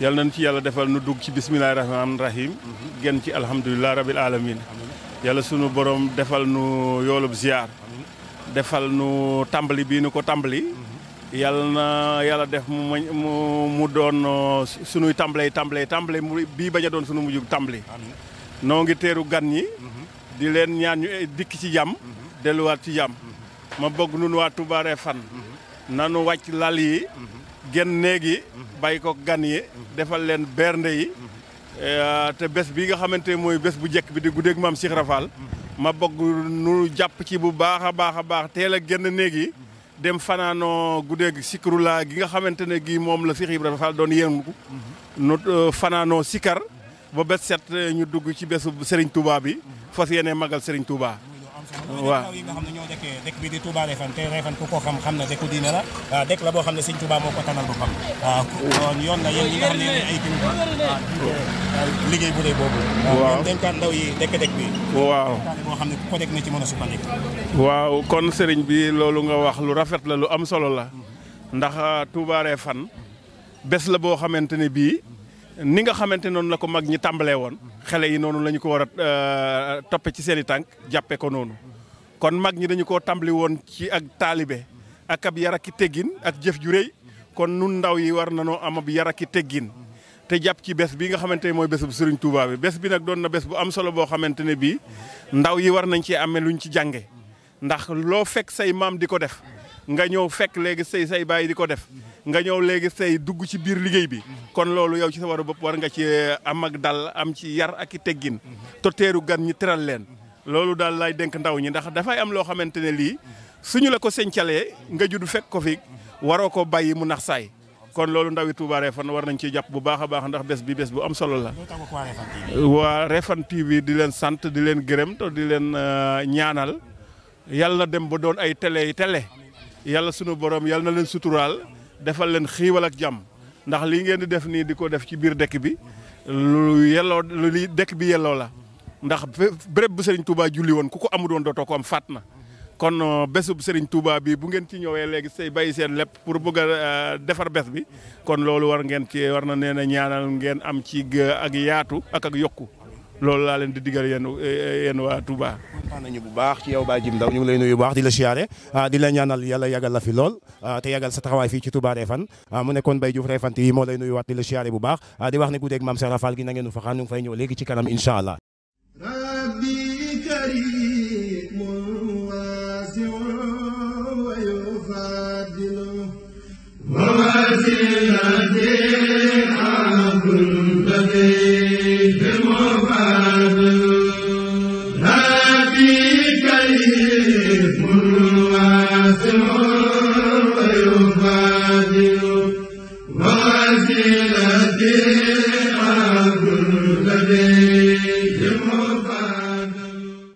yàlla nañ ci yàlla defal nu dugg ci bisimilah rahmaani rahim. génn ci alhamdulilah rabil alamin yàlla sunu borom defal nu yoolub ziar. defal nu tàmbali bii nu ko tàmbali. yàlla na yàlla def mu mu mu doon uh, sunuy tàmbalee tàmbalee tàmbalee bii bañ a doon sunu mujj tàmbali. noo ngi teeru gan ñi. Mm-hmm. di leen ñaan ñu eh, dikk ci jàmm. Mm-hmm. delluwaat ci jàmm. Mm-hmm. ma bëgg nun waa Touba Refane nanu wàcc lal yi. genn néeg bay ko gan yi defal leen bernde yi eh, te bés bi nga xamante mooy bés bu njëkk bi di guddeeg maam Cheikh Rafal ma bogg nu jàpp ci bu baax a baax a baax teel a génn néeg yi dem fanaanoo guddeeg sikrulaa gi nga xamante ne gi moom la Cheikh Ibrahima Fall doon yëngu nu eh, fanaanoo sikar ba bés set eh, ñu dugg ci bésu Serigne Touba bi fas yéene magal Serigne Touba waaw yi nga xam ñoo dëkkee dëkk bi di Touba Refane te Refane ku ko xam xam na dëkku diine la dëkk la boo xam ne Sëñ Touba moo ko tanal boppam kon yoon la yéen ñi nga xam liggéey bu dee boobu waaw dénkaan ndaw yi dëkk dëkk bi waaw xam ne ku ko ci mën a sukkandiku waaw kon sëriñ bi loolu nga wax lu rafet la lu am solo la mhm. ndax Touba Refane bés la boo xamante ne bii ni nga xamante noonu la ko mag ñi tàmbalee woon xale yi noonu la ñu ko war a euh, toppe ci seen i tànk jàppe ko noonu kon mag ñi dañu ko tàmbali woon ci ak taalibe ak ab ki teggin ak jëf ju réy kon nun ndaw yi war na nanoo am ab yaraki teggin te jàpp ci bés bi nga xamante ne mooy bés bu Serigne Touba bi bés bi nag doon na bés bu am solo boo xamante ne bii ndaw yi war nañ ci amee luñ ci jànge ndax loo fekk say maam di ko def nga ñëw fekk léegi say say baay di ko def nga ñëw léegi say dugg ci biir bi mhm. kon loolu yow ci sa waru bopp war nga ci am ak dal am ci yar ak teggin mhm. to teru gan ñi teral leen mhm. loolu daal lay denk ndaw ñi ndax dafay am loo xamante ne lii suñu la ko sencalee nga judd fekk ko fi waroo ko bàyyi mu nax saay kon loolu ndawi Touba Refane war nañ ci jàpp bu baax baax ndax bi bés bu am solo la waa Refane TV di dilen sant di dilen Nyanal, te di euh, ñaanal dem bodon doon ay télé télé yàlla sunu borom yàlla na leen defal leen xiiwal ak jàmm ndax lii ngeen di def nii di ko def ci biir dëkk bi lu yelloo lu li dëkk bi yelloo la ndax béréb bu Serigne Touba julli woon ku ko amul woon dootoo ko am faat na kon euh, bésub Serigne Touba bi bu ngeen ci ñëwee léegi sey bàyyi seen lépp pour bëgga a euh, defar bés bi kon loolu war ngeen ci war na nee na ñaanal ngeen am ci euh, ak yaatu ak ak yokku loolu laa leen di digal yéen eh, yéen waa Touba. kontaan nañu bu baax ci yow Baye Djim Ndao ñu ngi lay nuyu baax di la siyaare ah, di la ñaanal yàlla yàggal la fi lool ah, te yagal sa taxawaay fii ci Touba Refane ah, mu nekkoon Baye Diouf Refane TV moo lay nuyu waat di la siyaare bu baax di wax ne guddeeg maam Cheikh Rafal gi na ngeen u faxaan fay ñëw léegi ci kanam incha allah وواسع ويفضل وواسع and again.